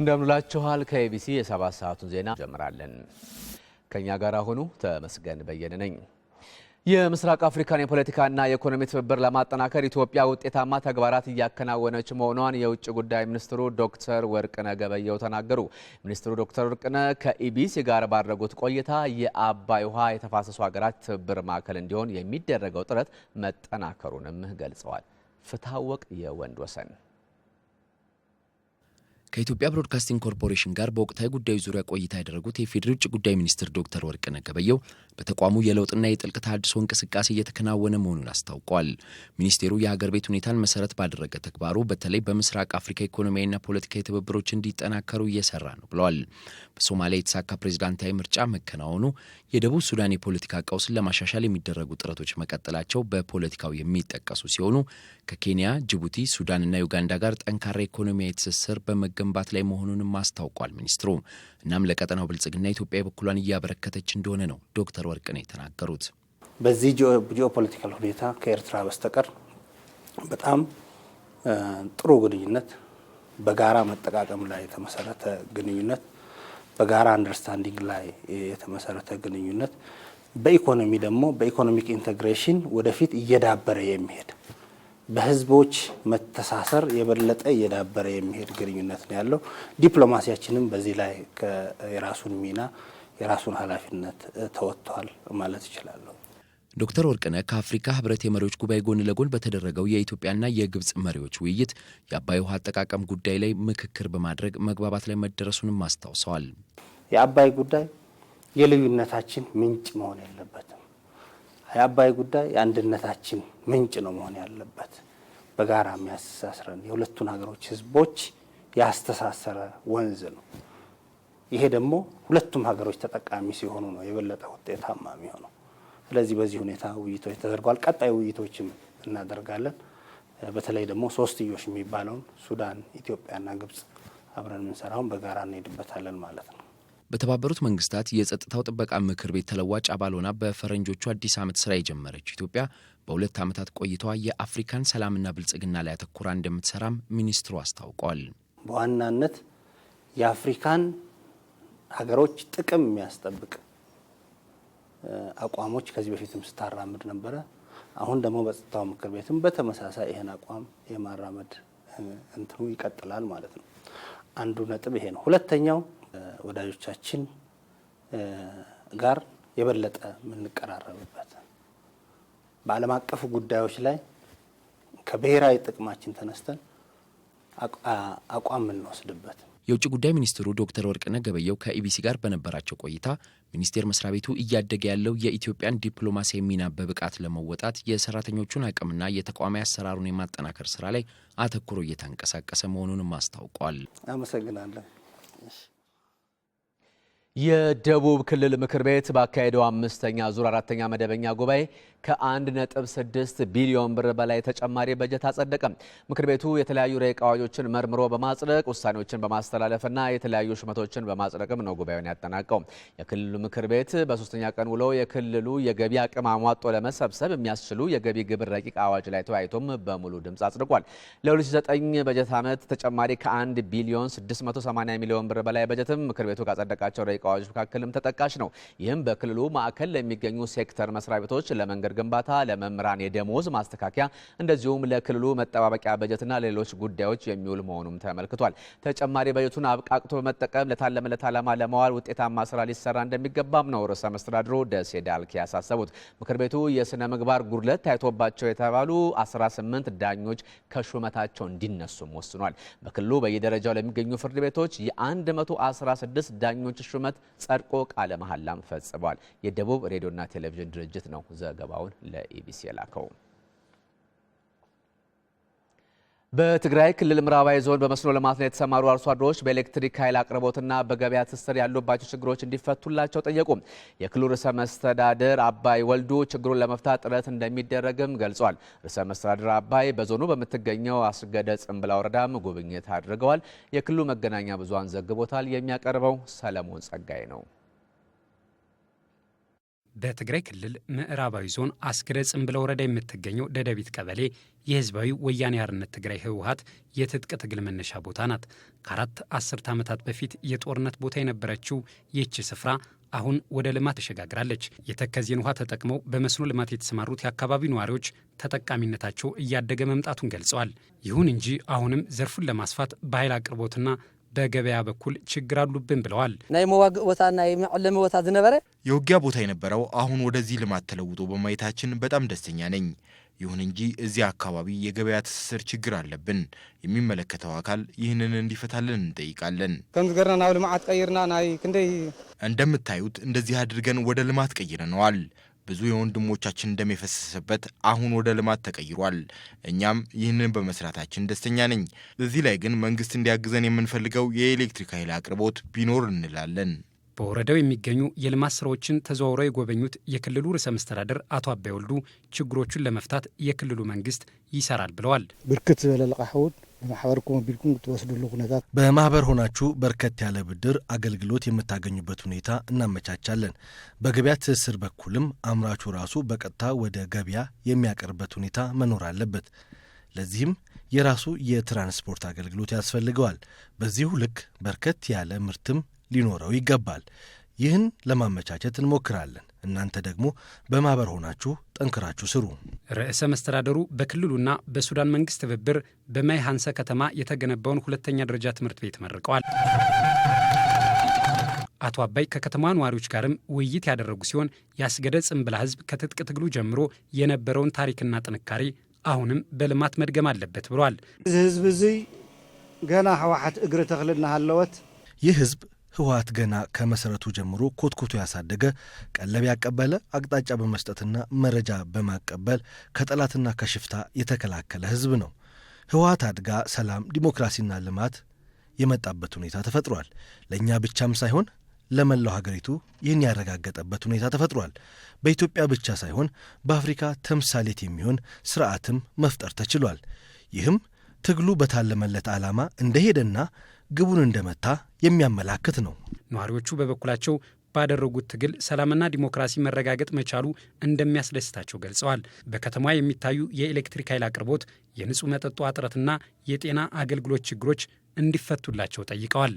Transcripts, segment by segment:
እንደምንላችኋል ከኤቢሲ የሰባት ሰዓቱን ዜና ጀምራለን። ከእኛ ጋር አሁኑ ተመስገን በየነ ነኝ። የምስራቅ አፍሪካን የፖለቲካና የኢኮኖሚ ትብብር ለማጠናከር ኢትዮጵያ ውጤታማ ተግባራት እያከናወነች መሆኗን የውጭ ጉዳይ ሚኒስትሩ ዶክተር ወርቅነ ገበየው ተናገሩ። ሚኒስትሩ ዶክተር ወርቅነ ከኢቢሲ ጋር ባድረጉት ቆይታ የአባይ ውሃ የተፋሰሱ ሀገራት ትብብር ማዕከል እንዲሆን የሚደረገው ጥረት መጠናከሩንም ገልጸዋል። ፍታወቅ የወንድ ወሰን ከኢትዮጵያ ብሮድካስቲንግ ኮርፖሬሽን ጋር በወቅታዊ ጉዳዩ ዙሪያ ቆይታ ያደረጉት የፌዴራል ውጭ ጉዳይ ሚኒስትር ዶክተር ወርቅነህ ገበየሁ በተቋሙ የለውጥና የጥልቅ ተሃድሶ እንቅስቃሴ እየተከናወነ መሆኑን አስታውቋል። ሚኒስቴሩ የሀገር ቤት ሁኔታን መሰረት ባደረገ ተግባሩ በተለይ በምስራቅ አፍሪካ ኢኮኖሚያዊና ፖለቲካዊ ትብብሮች እንዲጠናከሩ እየሰራ ነው ብለዋል። በሶማሊያ የተሳካ ፕሬዚዳንታዊ ምርጫ መከናወኑ፣ የደቡብ ሱዳን የፖለቲካ ቀውስን ለማሻሻል የሚደረጉ ጥረቶች መቀጠላቸው በፖለቲካው የሚጠቀሱ ሲሆኑ ከኬንያ፣ ጅቡቲ፣ ሱዳንና ዩጋንዳ ጋር ጠንካራ ኢኮኖሚያዊ ትስስር በመገ በመገንባት ላይ መሆኑንም አስታውቋል ሚኒስትሩ። እናም ለቀጠናው ብልጽግና ኢትዮጵያ የበኩሏን እያበረከተች እንደሆነ ነው ዶክተር ነው የተናገሩት። በዚህ ጂኦፖለቲካል ሁኔታ ከኤርትራ በስተቀር በጣም ጥሩ ግንኙነት፣ በጋራ መጠቃቀም ላይ የተመሰረተ ግንኙነት፣ በጋራ አንደርስታንዲንግ ላይ የተመሰረተ ግንኙነት፣ በኢኮኖሚ ደግሞ በኢኮኖሚክ ኢንቴግሬሽን ወደፊት እየዳበረ የሚሄድ በህዝቦች መተሳሰር የበለጠ እየዳበረ የሚሄድ ግንኙነት ነው ያለው። ዲፕሎማሲያችንም በዚህ ላይ የራሱን ሚና የራሱን ኃላፊነት ተወጥቷል ማለት እችላለሁ። ዶክተር ወርቅነህ ከአፍሪካ ህብረት የመሪዎች ጉባኤ ጎን ለጎን በተደረገው የኢትዮጵያና የግብጽ መሪዎች ውይይት የአባይ ውሃ አጠቃቀም ጉዳይ ላይ ምክክር በማድረግ መግባባት ላይ መደረሱንም አስታውሰዋል። የአባይ ጉዳይ የልዩነታችን ምንጭ መሆን የለበትም። የአባይ ጉዳይ የአንድነታችን ምንጭ ነው መሆን ያለበት። በጋራ የሚያስተሳስረን የሁለቱን ሀገሮች ህዝቦች ያስተሳሰረ ወንዝ ነው። ይሄ ደግሞ ሁለቱም ሀገሮች ተጠቃሚ ሲሆኑ ነው የበለጠ ውጤታማ የሚሆነው። ስለዚህ በዚህ ሁኔታ ውይይቶች ተደርገዋል። ቀጣይ ውይይቶችም እናደርጋለን። በተለይ ደግሞ ሶስትዮሽ የሚባለውን ሱዳን፣ ኢትዮጵያና ግብጽ አብረን የምንሰራውን በጋራ እንሄድበታለን ማለት ነው። በተባበሩት መንግስታት የጸጥታው ጥበቃ ምክር ቤት ተለዋጭ አባል ሆና በፈረንጆቹ አዲስ ዓመት ስራ የጀመረች ኢትዮጵያ በሁለት ዓመታት ቆይታዋ የአፍሪካን ሰላምና ብልጽግና ላይ አተኩራ እንደምትሰራም ሚኒስትሩ አስታውቀዋል። በዋናነት የአፍሪካን ሀገሮች ጥቅም የሚያስጠብቅ አቋሞች ከዚህ በፊትም ስታራምድ ነበረ። አሁን ደግሞ በጸጥታው ምክር ቤትም በተመሳሳይ ይህን አቋም የማራመድ እንትኑ ይቀጥላል ማለት ነው። አንዱ ነጥብ ይሄ ነው። ሁለተኛው ወዳጆቻችን ጋር የበለጠ የምንቀራረብበት በዓለም አቀፉ ጉዳዮች ላይ ከብሔራዊ ጥቅማችን ተነስተን አቋም የምንወስድበት የውጭ ጉዳይ ሚኒስትሩ ዶክተር ወርቅነህ ገበየው ከኢቢሲ ጋር በነበራቸው ቆይታ ሚኒስቴር መስሪያ ቤቱ እያደገ ያለው የኢትዮጵያን ዲፕሎማሲያዊ ሚና በብቃት ለመወጣት የሰራተኞቹን አቅምና የተቋማዊ አሰራሩን የማጠናከር ስራ ላይ አተኩሮ እየተንቀሳቀሰ መሆኑንም አስታውቋል። አመሰግናለሁ። የደቡብ ክልል ምክር ቤት ባካሄደው አምስተኛ ዙር አራተኛ መደበኛ ጉባኤ ከ1.6 ቢሊዮን ብር በላይ ተጨማሪ በጀት አጸደቀ። ምክር ቤቱ የተለያዩ ረቂቅ አዋጆችን መርምሮ በማጽደቅ ውሳኔዎችን በማስተላለፍና የተለያዩ ሹመቶችን በማጽደቅም ነው ጉባኤውን ያጠናቀው። የክልሉ ምክር ቤት በሶስተኛ ቀን ውሎ የክልሉ የገቢ አቅም አሟጦ ለመሰብሰብ የሚያስችሉ የገቢ ግብር ረቂቅ አዋጅ ላይ ተወያይቶም በሙሉ ድምፅ አጽድቋል። ለ2009 በጀት ዓመት ተጨማሪ ከ1 ቢሊዮን 680 ሚሊዮን ብር በላይ በጀትም ምክር ቤቱ ካጸደቃቸው ረቂቅ አዋጆች መካከልም ተጠቃሽ ነው። ይህም በክልሉ ማዕከል ለሚገኙ ሴክተር መስሪያ ቤቶች ለመንገድ ግንባታ፣ ለመምህራን የደሞዝ ማስተካከያ እንደዚሁም ለክልሉ መጠባበቂያ በጀትና ለሌሎች ጉዳዮች የሚውል መሆኑም ተመልክቷል። ተጨማሪ በጀቱን አብቃቅቶ በመጠቀም ለታለመለት ዓላማ ለማዋል ውጤታማ ስራ ሊሰራ እንደሚገባም ነው ርዕሰ መስተዳድሩ ደሴ ዳልኬ ያሳሰቡት። ምክር ቤቱ የስነ ምግባር ጉድለት ታይቶባቸው የተባሉ 18 ዳኞች ከሹመታቸው እንዲነሱም ወስኗል። በክልሉ በየደረጃው ለሚገኙ ፍርድ ቤቶች የ116 ዳኞች ሹመት ጸድቆ ቃለ መሐላም ፈጽሟል። የደቡብ ሬዲዮና ቴሌቪዥን ድርጅት ነው ዘገባው ዘገባውን ለኢቢሲ የላከው። በትግራይ ክልል ምዕራባዊ ዞን በመስኖ ልማት ላይ የተሰማሩ አርሶ አደሮች በኤሌክትሪክ ኃይል አቅርቦትና በገበያ ትስስር ያሉባቸው ችግሮች እንዲፈቱላቸው ጠየቁ። የክልሉ ርዕሰ መስተዳድር አባይ ወልዱ ችግሩን ለመፍታት ጥረት እንደሚደረግም ገልጿል። ርዕሰ መስተዳድር አባይ በዞኑ በምትገኘው አስገደ ጽምብላ ወረዳም ጉብኝት አድርገዋል። የክልሉ መገናኛ ብዙሃን ዘግቦታል። የሚያቀርበው ሰለሞን ጸጋይ ነው። በትግራይ ክልል ምዕራባዊ ዞን አስግረ ጽምብለ ወረዳ የምትገኘው ደደቢት ቀበሌ የህዝባዊ ወያኔ አርነት ትግራይ ህወሀት የትጥቅ ትግል መነሻ ቦታ ናት። ከአራት አስርት ዓመታት በፊት የጦርነት ቦታ የነበረችው ይቺ ስፍራ አሁን ወደ ልማት ተሸጋግራለች። የተከዜን ውሃ ተጠቅመው በመስኖ ልማት የተሰማሩት የአካባቢው ነዋሪዎች ተጠቃሚነታቸው እያደገ መምጣቱን ገልጸዋል። ይሁን እንጂ አሁንም ዘርፉን ለማስፋት በኃይል አቅርቦትና በገበያ በኩል ችግር አሉብን ብለዋል። ናይ መዋግእ ቦታና መዕለሚ ቦታ ዝነበረ የውጊያ ቦታ የነበረው አሁን ወደዚህ ልማት ተለውጦ በማየታችን በጣም ደስተኛ ነኝ። ይሁን እንጂ እዚያ አካባቢ የገበያ ትስስር ችግር አለብን። የሚመለከተው አካል ይህንን እንዲፈታልን እንጠይቃለን። ከምዚ ገርና ናብ ልምዓት ቀይርና ናይ ክንደይ እንደምታዩት እንደዚህ አድርገን ወደ ልማት ቀይረነዋል። ብዙ የወንድሞቻችን እንደም የፈሰሰበት አሁን ወደ ልማት ተቀይሯል። እኛም ይህንን በመስራታችን ደስተኛ ነኝ። እዚህ ላይ ግን መንግስት እንዲያግዘን የምንፈልገው የኤሌክትሪክ ኃይል አቅርቦት ቢኖር እንላለን። በወረዳው የሚገኙ የልማት ስራዎችን ተዘዋውረው የጎበኙት የክልሉ ርዕሰ መስተዳደር አቶ አባይ ወልዱ ችግሮቹን ለመፍታት የክልሉ መንግስት ይሰራል ብለዋል። ብርክት ዝበለ ልቃሕ እውን ማሕበርኩም ትወስድሉ በማህበር ሆናችሁ በርከት ያለ ብድር አገልግሎት የምታገኙበት ሁኔታ እናመቻቻለን። በገበያ ትስስር በኩልም አምራቹ ራሱ በቀጥታ ወደ ገበያ የሚያቀርበት ሁኔታ መኖር አለበት። ለዚህም የራሱ የትራንስፖርት አገልግሎት ያስፈልገዋል። በዚሁ ልክ በርከት ያለ ምርትም ሊኖረው ይገባል። ይህን ለማመቻቸት እንሞክራለን። እናንተ ደግሞ በማህበር ሆናችሁ ጠንክራችሁ ስሩ። ርዕሰ መስተዳደሩ በክልሉና በሱዳን መንግስት ትብብር በማይ ሀንሰ ከተማ የተገነባውን ሁለተኛ ደረጃ ትምህርት ቤት መርቀዋል። አቶ አባይ ከከተማ ነዋሪዎች ጋርም ውይይት ያደረጉ ሲሆን ያስገደ ጽንብላ ህዝብ ከትጥቅ ትግሉ ጀምሮ የነበረውን ታሪክና ጥንካሬ አሁንም በልማት መድገም አለበት ብሏል። እዚ ህዝብ እዚ ገና ህወሓት እግሪ ተክልና ሃለወት ይህ ህዝብ ህወሀት ገና ከመሰረቱ ጀምሮ ኮትኩቶ ያሳደገ ቀለብ ያቀበለ አቅጣጫ በመስጠትና መረጃ በማቀበል ከጠላትና ከሽፍታ የተከላከለ ህዝብ ነው። ህወሀት አድጋ ሰላም፣ ዲሞክራሲና ልማት የመጣበት ሁኔታ ተፈጥሯል። ለእኛ ብቻም ሳይሆን ለመላው ሀገሪቱ ይህን ያረጋገጠበት ሁኔታ ተፈጥሯል። በኢትዮጵያ ብቻ ሳይሆን በአፍሪካ ተምሳሌት የሚሆን ስርዓትም መፍጠር ተችሏል። ይህም ትግሉ በታለመለት ዓላማ እንደሄደና ግቡን እንደመታ የሚያመላክት ነው። ነዋሪዎቹ በበኩላቸው ባደረጉት ትግል ሰላምና ዲሞክራሲ መረጋገጥ መቻሉ እንደሚያስደስታቸው ገልጸዋል። በከተማ የሚታዩ የኤሌክትሪክ ኃይል አቅርቦት፣ የንጹህ መጠጥ እጥረትና የጤና አገልግሎት ችግሮች እንዲፈቱላቸው ጠይቀዋል።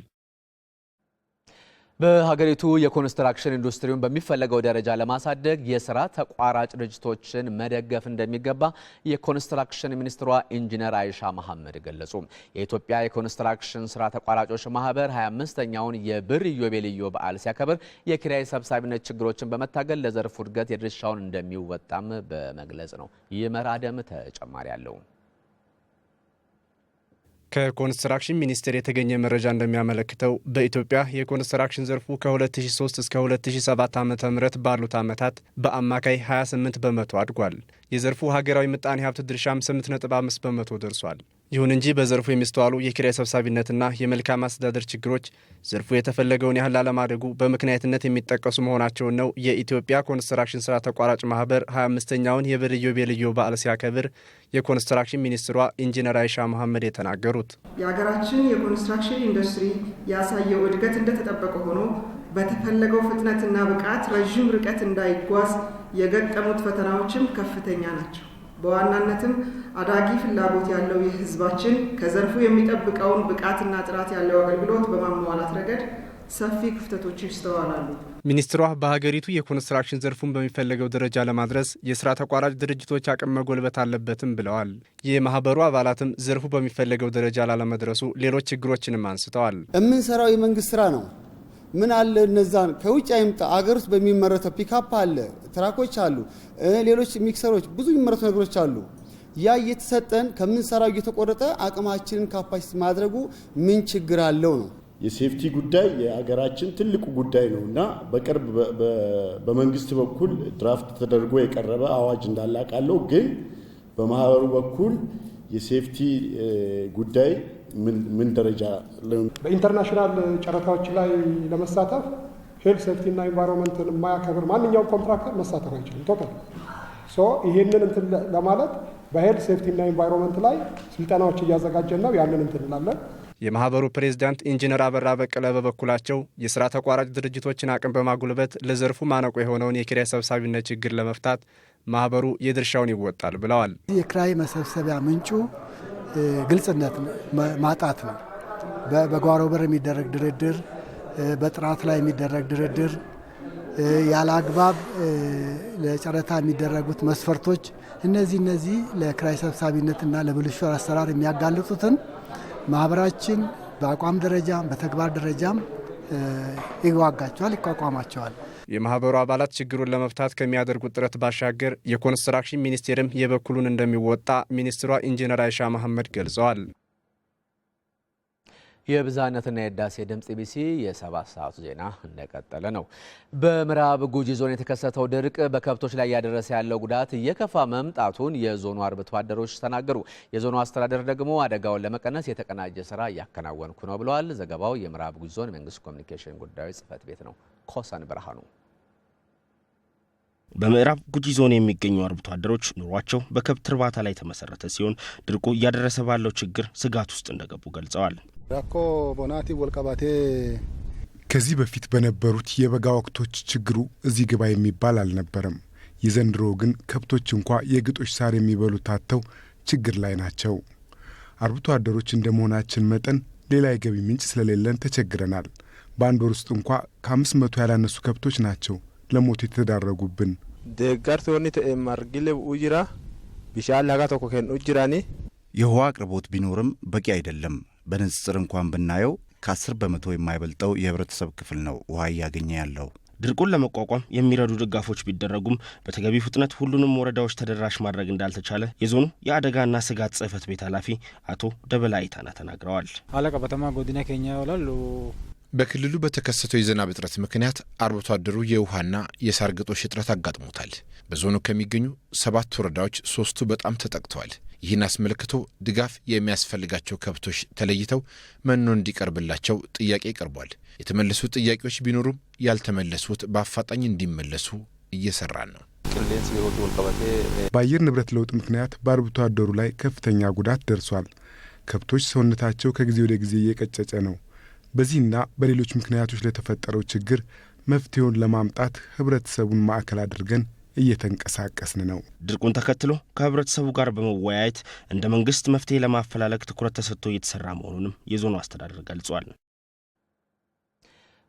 በሀገሪቱ የኮንስትራክሽን ኢንዱስትሪውን በሚፈለገው ደረጃ ለማሳደግ የስራ ተቋራጭ ድርጅቶችን መደገፍ እንደሚገባ የኮንስትራክሽን ሚኒስትሯ ኢንጂነር አይሻ መሐመድ ገለጹ። የኢትዮጵያ የኮንስትራክሽን ስራ ተቋራጮች ማህበር 25ኛውን የብር ኢዮቤልዩ በዓል ሲያከብር የኪራይ ሰብሳቢነት ችግሮችን በመታገል ለዘርፉ እድገት የድርሻውን እንደሚወጣም በመግለጽ ነው። ይመራደም ተጨማሪ አለው። ከኮንስትራክሽን ሚኒስቴር የተገኘ መረጃ እንደሚያመለክተው በኢትዮጵያ የኮንስትራክሽን ዘርፉ ከ2003 እስከ 2007 ዓ ም ባሉት ዓመታት በአማካይ 28 በመቶ አድጓል። የዘርፉ ሀገራዊ ምጣኔ ሀብት ድርሻም 8.5 በመቶ ደርሷል። ይሁን እንጂ በዘርፉ የሚስተዋሉ የኪራይ ሰብሳቢነትና የመልካም አስተዳደር ችግሮች ዘርፉ የተፈለገውን ያህል ላለማደጉ በምክንያትነት የሚጠቀሱ መሆናቸውን ነው የኢትዮጵያ ኮንስትራክሽን ስራ ተቋራጭ ማህበር 25ኛውን የብር ኢዮቤልዩ በዓል ሲያከብር የኮንስትራክሽን ሚኒስትሯ ኢንጂነር አይሻ መሐመድ የተናገሩት። የሀገራችን የኮንስትራክሽን ኢንዱስትሪ ያሳየው እድገት እንደተጠበቀ ሆኖ በተፈለገው ፍጥነትና ብቃት ረዥም ርቀት እንዳይጓዝ የገጠሙት ፈተናዎችም ከፍተኛ ናቸው። በዋናነትም አዳጊ ፍላጎት ያለው ይህ ህዝባችን ከዘርፉ የሚጠብቀውን ብቃትና ጥራት ያለው አገልግሎት በማሟላት ረገድ ሰፊ ክፍተቶች ይስተዋላሉ። ሚኒስትሯ በሀገሪቱ የኮንስትራክሽን ዘርፉን በሚፈለገው ደረጃ ለማድረስ የስራ ተቋራጭ ድርጅቶች አቅም መጎልበት አለበትም ብለዋል። የማህበሩ አባላትም ዘርፉ በሚፈለገው ደረጃ ላለመድረሱ ሌሎች ችግሮችንም አንስተዋል። የምንሰራው የመንግስት ስራ ነው። ምን አለ እነዛን ከውጭ አይምጣ አገር ውስጥ በሚመረተው ፒካፕ አለ፣ ትራኮች አሉ፣ ሌሎች ሚክሰሮች፣ ብዙ የሚመረቱ ነገሮች አሉ። ያ እየተሰጠን ከምንሰራው እየተቆረጠ አቅማችንን ካፓሲቲ ማድረጉ ምን ችግር አለው ነው። የሴፍቲ ጉዳይ የሀገራችን ትልቁ ጉዳይ ነው እና በቅርብ በመንግስት በኩል ድራፍት ተደርጎ የቀረበ አዋጅ እንዳላቃለው ግን በማህበሩ በኩል የሴፍቲ ጉዳይ ምን ደረጃ በኢንተርናሽናል ጨረታዎች ላይ ለመሳተፍ ሄልት ሴፍቲና ኤንቫይሮንመንትን የማያከብር ማንኛውም ኮንትራክተር መሳተፍ አይችልም። ቶታል ሶ ይሄንን እንትን ለማለት በሄልት ሴፍቲና ኢንቫይሮንመንት ላይ ስልጠናዎች እያዘጋጀን ነው። ያንን እንትን እንላለን። የማህበሩ ፕሬዚዳንት ኢንጂነር አበራ በቀለ በበኩላቸው የስራ ተቋራጭ ድርጅቶችን አቅም በማጉልበት ለዘርፉ ማነቆ የሆነውን የኪራይ ሰብሳቢነት ችግር ለመፍታት ማህበሩ የድርሻውን ይወጣል ብለዋል። የክራይ መሰብሰቢያ ምንጩ ግልጽነት ማጣት ነው። በጓሮ በር የሚደረግ ድርድር፣ በጥራት ላይ የሚደረግ ድርድር፣ ያለ አግባብ ለጨረታ የሚደረጉት መስፈርቶች፣ እነዚህ እነዚህ ለኪራይ ሰብሳቢነትና ለብልሹ አሰራር የሚያጋልጡትን ማህበራችን በአቋም ደረጃም በተግባር ደረጃም ይዋጋቸዋል፣ ይቋቋማቸዋል። የማህበሩ አባላት ችግሩን ለመፍታት ከሚያደርጉት ጥረት ባሻገር የኮንስትራክሽን ሚኒስቴርም የበኩሉን እንደሚወጣ ሚኒስትሯ ኢንጂነር አይሻ መሐመድ ገልጸዋል። የብዝሃነትና የህዳሴ ድምጽ ኢቢሲ የሰባት ሰዓቱ ዜና እንደቀጠለ ነው። በምዕራብ ጉጂ ዞን የተከሰተው ድርቅ በከብቶች ላይ እያደረሰ ያለው ጉዳት እየከፋ መምጣቱን የዞኑ አርብቶ አደሮች ተናገሩ። የዞኑ አስተዳደር ደግሞ አደጋውን ለመቀነስ የተቀናጀ ስራ እያከናወንኩ ነው ብለዋል። ዘገባው የምዕራብ ጉጂ ዞን መንግስት ኮሚኒኬሽን ጉዳዮች ጽህፈት ቤት ነው። ኮሰን ብርሃኑ በምዕራብ ጉጂ ዞን የሚገኙ አርብቶ አደሮች ኑሯቸው በከብት እርባታ ላይ የተመሰረተ ሲሆን ድርቁ እያደረሰ ባለው ችግር ስጋት ውስጥ እንደገቡ ገልጸዋል። ራኮ ቦናቲ ወልቀባቴ ከዚህ በፊት በነበሩት የበጋ ወቅቶች ችግሩ እዚህ ግባ የሚባል አልነበረም። የዘንድሮ ግን ከብቶች እንኳ የግጦሽ ሳር የሚበሉ ታተው ችግር ላይ ናቸው። አርብቶ አደሮች እንደ መሆናችን መጠን ሌላ የገቢ ምንጭ ስለሌለን ተቸግረናል። በአንድ ወር ውስጥ እንኳ ከአምስት መቶ ያላነሱ ከብቶች ናቸው ለሞት የተዳረጉብን። ደጋርቶonni ta'e margile ujira bishaan laga tokko kennu jirani። የውሃ አቅርቦት ቢኖርም በቂ አይደለም። በንጽጽር እንኳን ብናየው ከአስር በመቶ የማይበልጠው የህብረተሰብ ክፍል ነው ውሃ እያገኘ ያለው። ድርቁን ለመቋቋም የሚረዱ ድጋፎች ቢደረጉም በተገቢ ፍጥነት ሁሉንም ወረዳዎች ተደራሽ ማድረግ እንዳልተቻለ የዞኑ የአደጋና ስጋት ጽህፈት ቤት ኃላፊ አቶ ደበላ አይታና ተናግረዋል። አለቀ በተማ ጎዲና ኬኛ ይውላሉ በክልሉ በተከሰተው የዝናብ እጥረት ምክንያት አርብቶ አደሩ የውሃና የሳር ግጦሽ እጥረት አጋጥሞታል። በዞኑ ከሚገኙ ሰባት ወረዳዎች ሶስቱ በጣም ተጠቅተዋል። ይህን አስመልክቶ ድጋፍ የሚያስፈልጋቸው ከብቶች ተለይተው መኖ እንዲቀርብላቸው ጥያቄ ቀርቧል። የተመለሱ ጥያቄዎች ቢኖሩም ያልተመለሱት በአፋጣኝ እንዲመለሱ እየሰራን ነው። በአየር ንብረት ለውጥ ምክንያት በአርብቶ አደሩ ላይ ከፍተኛ ጉዳት ደርሷል። ከብቶች ሰውነታቸው ከጊዜ ወደ ጊዜ እየቀጨጨ ነው። በዚህና በሌሎች ምክንያቶች ለተፈጠረው ችግር መፍትሄውን ለማምጣት ህብረተሰቡን ማዕከል አድርገን እየተንቀሳቀስን ነው። ድርቁን ተከትሎ ከህብረተሰቡ ጋር በመወያየት እንደ መንግስት መፍትሄ ለማፈላለግ ትኩረት ተሰጥቶ እየተሰራ መሆኑንም የዞኑ አስተዳደር ገልጿል።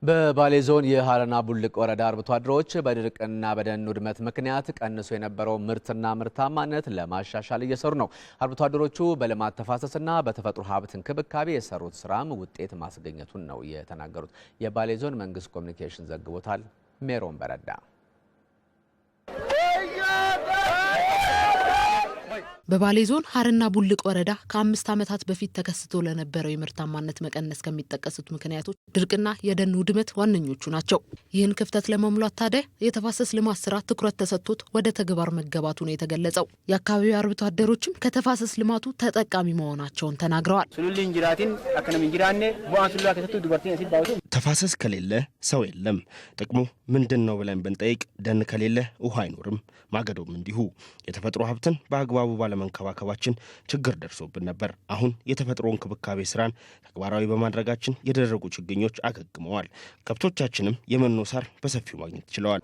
በባሌ ዞን የሀረና ቡልቅ ወረዳ አርብቶ አደሮች በድርቅና በደን ውድመት ምክንያት ቀንሶ የነበረው ምርትና ምርታማነት ለማሻሻል እየሰሩ ነው። አርብቶ አደሮቹ በልማት ተፋሰስና በተፈጥሮ ሀብት እንክብካቤ የሰሩት ስራም ውጤት ማስገኘቱን ነው የተናገሩት። የባሌ ዞን መንግስት ኮሚኒኬሽን ዘግቦታል። ሜሮን በረዳ በባሌ ዞን ሀርና ቡልቅ ወረዳ ከአምስት ዓመታት በፊት ተከስቶ ለነበረው የምርታማነት መቀነስ ከሚጠቀሱት ምክንያቶች ድርቅና የደን ውድመት ዋነኞቹ ናቸው። ይህን ክፍተት ለመሙላት ታዲያ የተፋሰስ ልማት ስራ ትኩረት ተሰጥቶት ወደ ተግባር መገባቱ ነው የተገለጸው። የአካባቢው አርብቶ አደሮችም ከተፋሰስ ልማቱ ተጠቃሚ መሆናቸውን ተናግረዋል። ተፋሰስ ከሌለ ሰው የለም። ጥቅሙ ምንድን ነው ብለን ብንጠይቅ ደን ከሌለ ውሃ አይኖርም፣ ማገዶም እንዲሁ። የተፈጥሮ ሀብትን በአግባቡ ባለመንከባከባችን ችግር ደርሶብን ነበር። አሁን የተፈጥሮ እንክብካቤ ስራን ተግባራዊ በማድረጋችን የደረቁ ችግኞች አገግመዋል። ከብቶቻችንም የመኖ ሳር በሰፊው ማግኘት ችለዋል።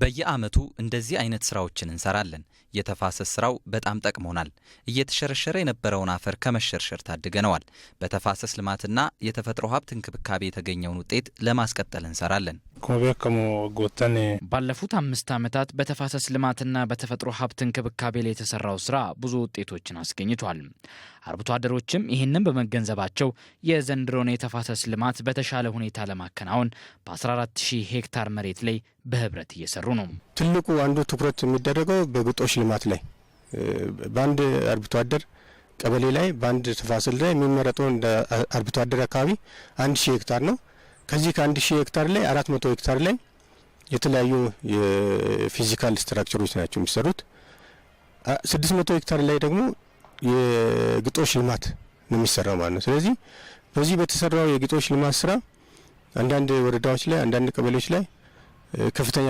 በየአመቱ እንደዚህ አይነት ስራዎችን እንሰራለን። የተፋሰስ ስራው በጣም ጠቅሞናል። እየተሸረሸረ የነበረውን አፈር ከመሸርሸር ታድገነዋል። በተፋሰስ ልማትና የተፈጥሮ ሀብት እንክብካቤ የተገኘውን ውጤት ለማስቀጠል እንሰራለን። ባለፉት አምስት ዓመታት በተፋሰስ ልማትና በተፈጥሮ ሀብት እንክብካቤ ላይ የተሰራው ስራ ብዙ ውጤቶችን አስገኝቷል። አርብቶ አደሮችም ይህንን በመገንዘባቸው የዘንድሮን የተፋሰስ ልማት በተሻለ ሁኔታ ለማከናወን በ 14000 ሄክታር መሬት ላይ በህብረት እየሰሩ ነው። ትልቁ አንዱ ትኩረት የሚደረገው በግጦሽ ልማት ላይ በአንድ አርብቶ አደር ቀበሌ ላይ በአንድ ተፋሰስ ላይ የሚመረጠው እንደ አርብቶ አደር አካባቢ አንድ ሺህ ሄክታር ነው ከዚህ ከአንድ ሺህ ሄክታር ላይ አራት መቶ ሄክታር ላይ የተለያዩ የፊዚካል ስትራክቸሮች ናቸው የሚሰሩት። ስድስት መቶ ሄክታር ላይ ደግሞ የግጦሽ ልማት ነው የሚሰራው ማለት ነው። ስለዚህ በዚህ በተሰራው የግጦሽ ልማት ስራ አንዳንድ ወረዳዎች ላይ አንዳንድ ቀበሌዎች ላይ ከፍተኛ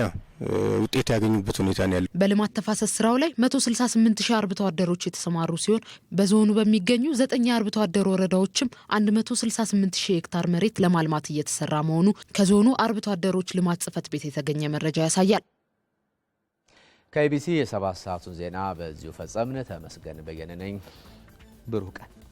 ውጤት ያገኙበት ሁኔታ ነው በልማት ተፋሰስ ስራው ላይ 168 ሺህ አርብቶ አደሮች የተሰማሩ ሲሆን በዞኑ በሚገኙ ዘጠኝ አርብቶ አደር ወረዳዎችም 168 ሺህ ሄክታር መሬት ለማልማት እየተሰራ መሆኑ ከዞኑ አርብቶ አደሮች ልማት ጽሕፈት ቤት የተገኘ መረጃ ያሳያል። ከኢቢሲ የሰባት ሰዓቱን ዜና በዚሁ ፈጸምን። ተመስገን በየነ ነኝ። ብሩህ ቀን